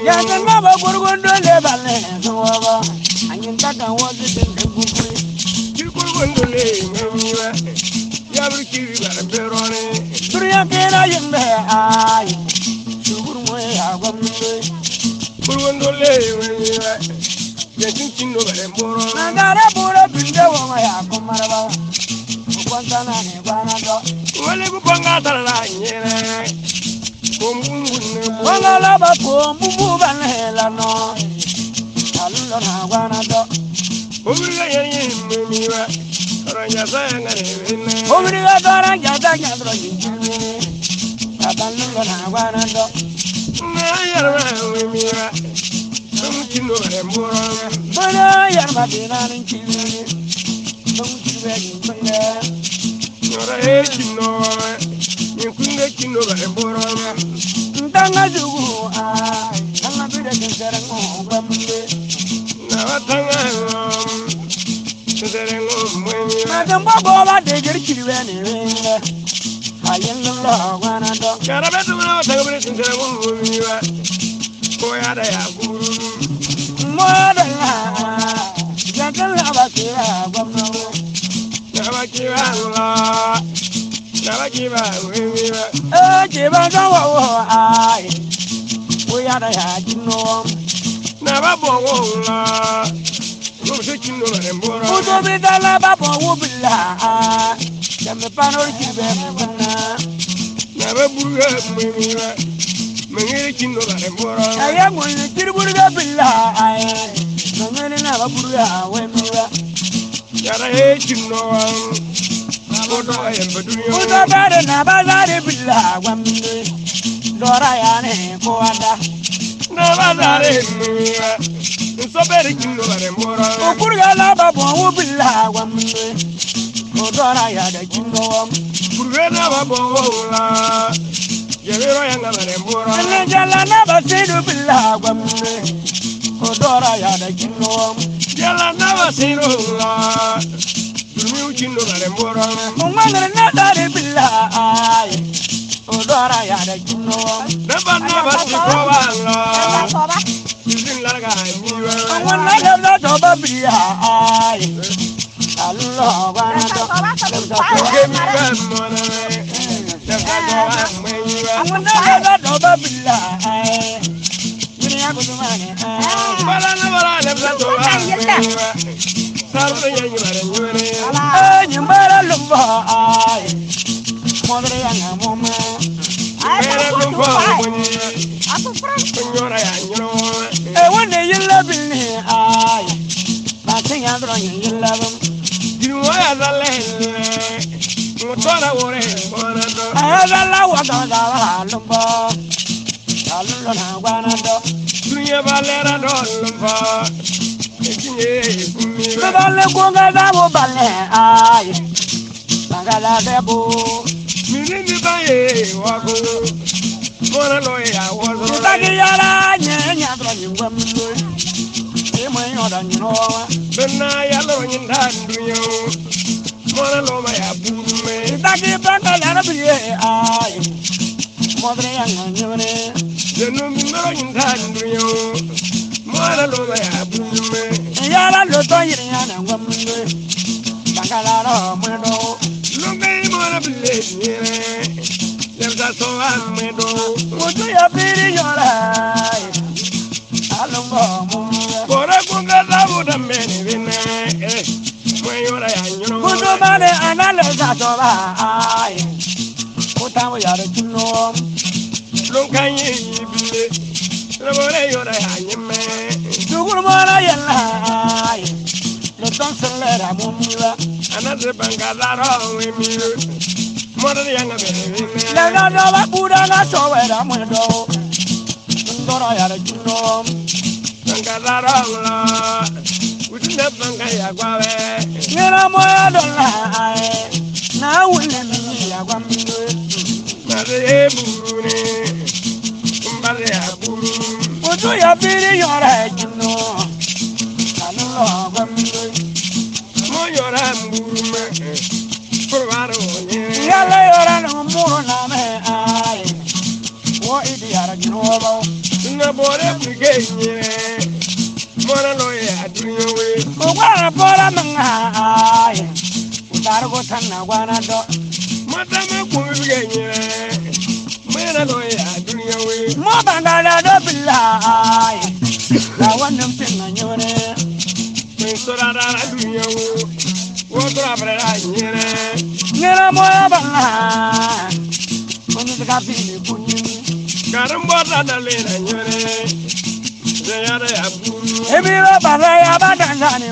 Yangan baba gurgun dole balle zuwa ba. Anyin takan wasu tinka gugure. Ki gurgun dole mami ba. Ya burki bar berone. Turya kera yin da ai. Shugur mu ya gwamnati. ba. Ya Na ne bana do. Wale ku banga tarla wangala bako mbubu banela no alulo na wana do obriga yenye mimiwa karanja sayanga revene obriga karanja sayanga revene abalulo na wana do na yarwa mimiwa tumkindo barembora bana yarwa dinanin chilene tumkiwe nyimbe nyora e kinno nyikunda kinno barembora tanga jugu ai tanga bire kin serang mo bambe na tanga serang mo mwe na dan bo go ba de gir kiri we ne we hayin lo wa na do kara be tu na tanga bire kin serang mo mwe wa ko ya da ya guru mo da ya jangan la ba ki ya gwamna ya ba ki ya la jaba jiba wewewa ee jiba ka wɔwɔ ayi o yada yaa di nɔɔm. naba bɔ wo la muso ti nɔ lɛ bɔra. muso bi dala ba bɔ wo bila dɛmɛ panori ti bɛ fana. naba buruka mɛmɛra mɛngere ti nɔ lɛ bɔra. a ye ŋɔni tiriburuka bila ayi mɛngere naba buruka wɛmɛra. yara ye ti nɔ wa. Kuta bere na bazari bila wamde Dora yane kuanda Na bazari mwa Nsobere kilo bare mora Ukurga la babu wu bila wamde Odora yade kilo wam Kurga na babu wula Yewiro yanga bare mora Nijala na basidu bila wamde Odora yade kilo wam Jala na basidu bila Miu chindo na rembora na dare bila ay ya da chuno Neba na basi kwa wala Kizin larga na da Allah wana da Lemza koge na da na bala lemza doba miwe Sarve ya yumare miwe Jimbara lumba ay Modre yang mama Jimbara lumba ay Ato fran Senyora yang nyoro Ewane yilla bilni ay Basing adro yang yilla bim Jinwa ya zale Mutora wore Ay zala wada wada lumba Kalulo na gwana do Dunya balera do lumba Ekinye ibu bẹ́ẹ̀ lé kó gẹ́gẹ́ bó balẹ̀ ààyè gbàgádà bẹ́ bó. mìíní ní báyìí wà kó kóra lọ ìyàwó lọ. ìtàkì yàrá nyẹ́ nyẹ́ àtọ̀ ní gbẹ́m ìmọ̀ ẹ̀yìn ọ̀dà nyìnà wá. bẹ́ẹ̀ náà yálò yín dáa dùnyẹ̀ o kóra lọ ma yà bú mi. ìtàkì bẹ́ẹ̀ yàrá bìyẹ̀ ààyè mọ́tẹ́rẹ́ yà ń gbà nyẹ́wẹ́rẹ́. mi náà yín dáa o kóra lọ ma yà bú mi yara loto yirinya na ngwamnde bangalaro mwedo lunge imora bile nyere lemsa so amwedo mutu ya biri yora alungo mumwe bora kunga zabuda mene vine eh. mweyora ya nyoro mutu bane anale zatoba ay kutamu yara chuno lunge yibile Rabore yora ya nyeme dugulmana yalaye lotan selera mumila anase bangadaro wimiru mɔdɔli yanga bɛrɛ bɛ. lɛnɛ dɔ kuda n'a tɔ bɛ da mɔ dɔ ntɔrɔ yɛrɛ junnɔ. bangadaro la u ti ne banga yagba bɛ. ɲɛnamɔya dɔ la n'a wuli ni yagba mi do. mali ye buru ni. biri yɔrɔ jino kanu lɔɔgɔ mbe mo yɔrɔ mburu mɛ kurubari o nye. yala yɔrɔ ni muru na mɛ ayi wo idi yara jino ba o. nga bɔrɛ birike nye mɔrɛ lɔ ye a duniya we. o gbara bɔra min ka ayi o taara ko tan na gwana dɔ. mɔtɛmɛ kun bi kɛ nye mɔrɛ lɔ ye a duniya we. mɔ ban E nem penna ya ba dan ni wa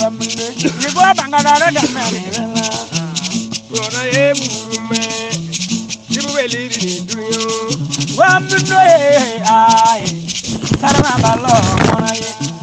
ni go ba ga da da me ni la sora e buru me jibeli ni dunyo wa